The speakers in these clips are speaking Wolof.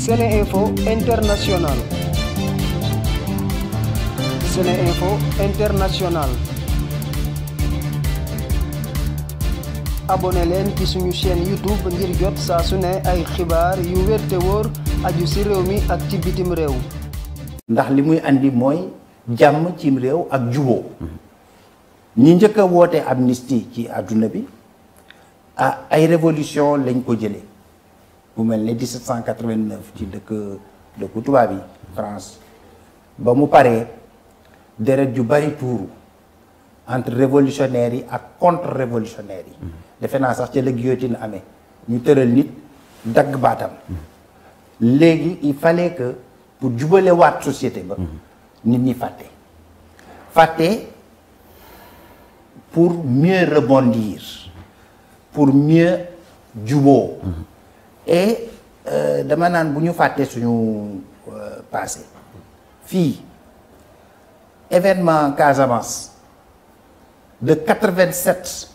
Sene Info International Sene leen ci suñu seen YouTube ngir jot saa su ne ay xibaar yu wér te wóor aju ci réew mi ak ci bitim réew ndax li muy andi mooy jàmm cim réew ak juboo ñi njëkk a woote amnistie ci àdduna bi ah ay révolution lañ ko jëlee bu mel ne 1789 ci dëkk dëkku tubaab yi France ba mu paree deret ju bari tuuru entre révolutionnaires yi ak contre révolutionnaires yi defe naa sax ca la guillotine amee ñu tëral nit dagg baatam léegi il fallait que pour jubale waat société ba nit ñi fàtte fàtte pour mieux rebondir pour mieux juboo et euh, dama naan bu ñu fàttee suñu euh, passé fii événement Casamance de 87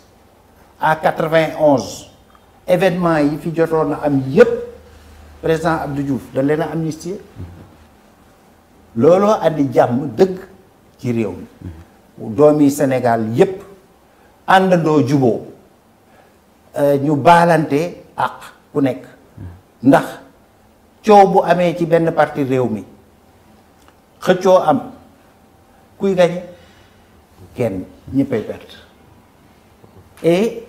à 91 événement yi fi jotoon na am yépp président Abdou Diouf da leen a amnistier looloo andi jàmm dëgg ci réew mi doomi Sénégal yépp àndandoo juboo euh, ñu baalante ak ku nekk ndax coow bu amee ci benn parti réew mi xëccoo am kuy gañe kenn ñëppay perte et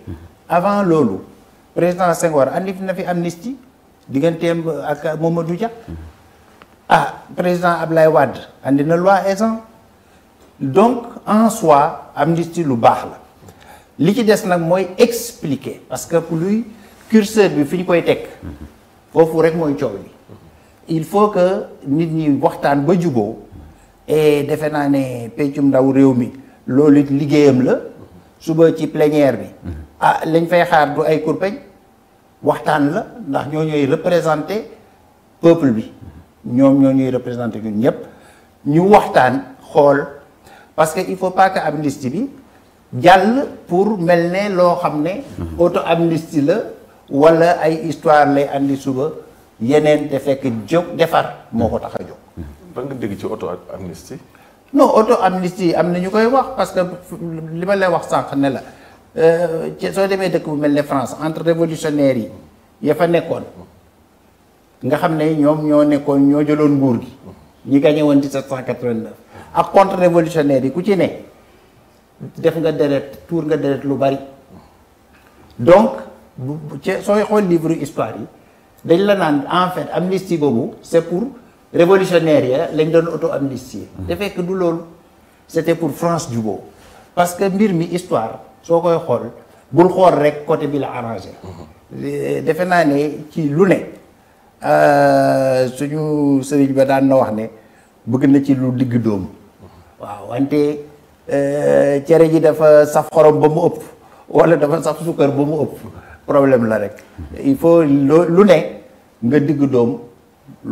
avant loolu président Senghor andi na fi amnistie digganteem ak Mamadou Dia ah président Ablaye wàdd andi na loi Ezzan donc en soi amnistie lu baax la li ci des nag mooy expliquer parce que pour lui curseur bi fi ñu koy teg foofu rek mooy coow li il faut que nit ñi waxtaan ba juboo et defe naa ne peccum ndaw réew mi loolu it liggéeyam la suba ci plénière bi ah lañ fay xaar du ay kurpeñ waxtaan la ndax ñoo ñooy représenté peuple bi ñoom ñoo ñuy représenté ñun ñëpp ñu waxtaan xool parce que il faut pas que bi jàll pour mel ne loo xam ne mm-hmm. auto amnistie la wala ay histoire lay andi suba yeneen te fekk jóg defar moo ko tax a jóg. ban nga dégg ci auto amnistie. non auto amnistie am na ñu koy wax parce que li ma lay wax sànq ne la euh, ci soo demee dëkk bu mel ni France entre révolutionnaires yi ya fa nekkoon nga xam ne ñoom ñoo nekkoon ñoo jëloon buur gi ñi gagné woon 1789 ak contre révolutionnaires yi ku ci ne def nga deret tuur nga deret lu bari donc. bu sooy xool livre histoire yi dañ la naan en fait amnistie boobu c'est pour révolutionnaire ya lañ doon auto amnistie hmm. te defe du loolu c'était pour France Dubos parce que mbir mi histoire soo koy xool bul xool rek côté bi la arrangé hmm. eh, defe naa ne ci lu ne euh, suñu sëriñ ba daan na wax ne bëgg na ci lu digg dóomu hmm. waaw wante euh, cere ji dafa saf xorom ba mu ëpp wala dafa saf sukkar ba mu ëpp problème la rek il faut lu ne nga digg doom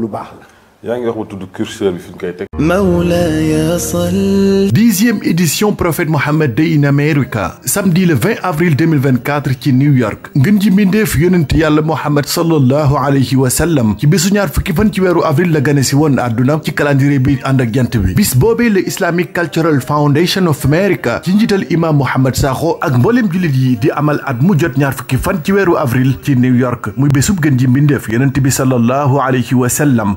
lu baax la yaa ngi wax ba tudd curseur bi fi ñu koy teg. Mawlaaya sall. dixième édition prophète Mohammed Day in America samedi le 20 avril 2024 ci New York. ngën ji mbindeef yonent yàlla Mohammed sallallahu alayhi wa ci bésu ñaar fukki fan ci weeru avril la gane si woon àdduna ci calendrier bi ànd ak jant bi. bis boobee le Islamic Cultural Foundation of America ci njiital imaam Mohamed Sakho ak mboolem jullit yi di amal at mujjot jot ñaar fukki fan ci weeru avril ci New York mu bésub gën ji mbindeef yonent bi sallallahu alayhi wa sallam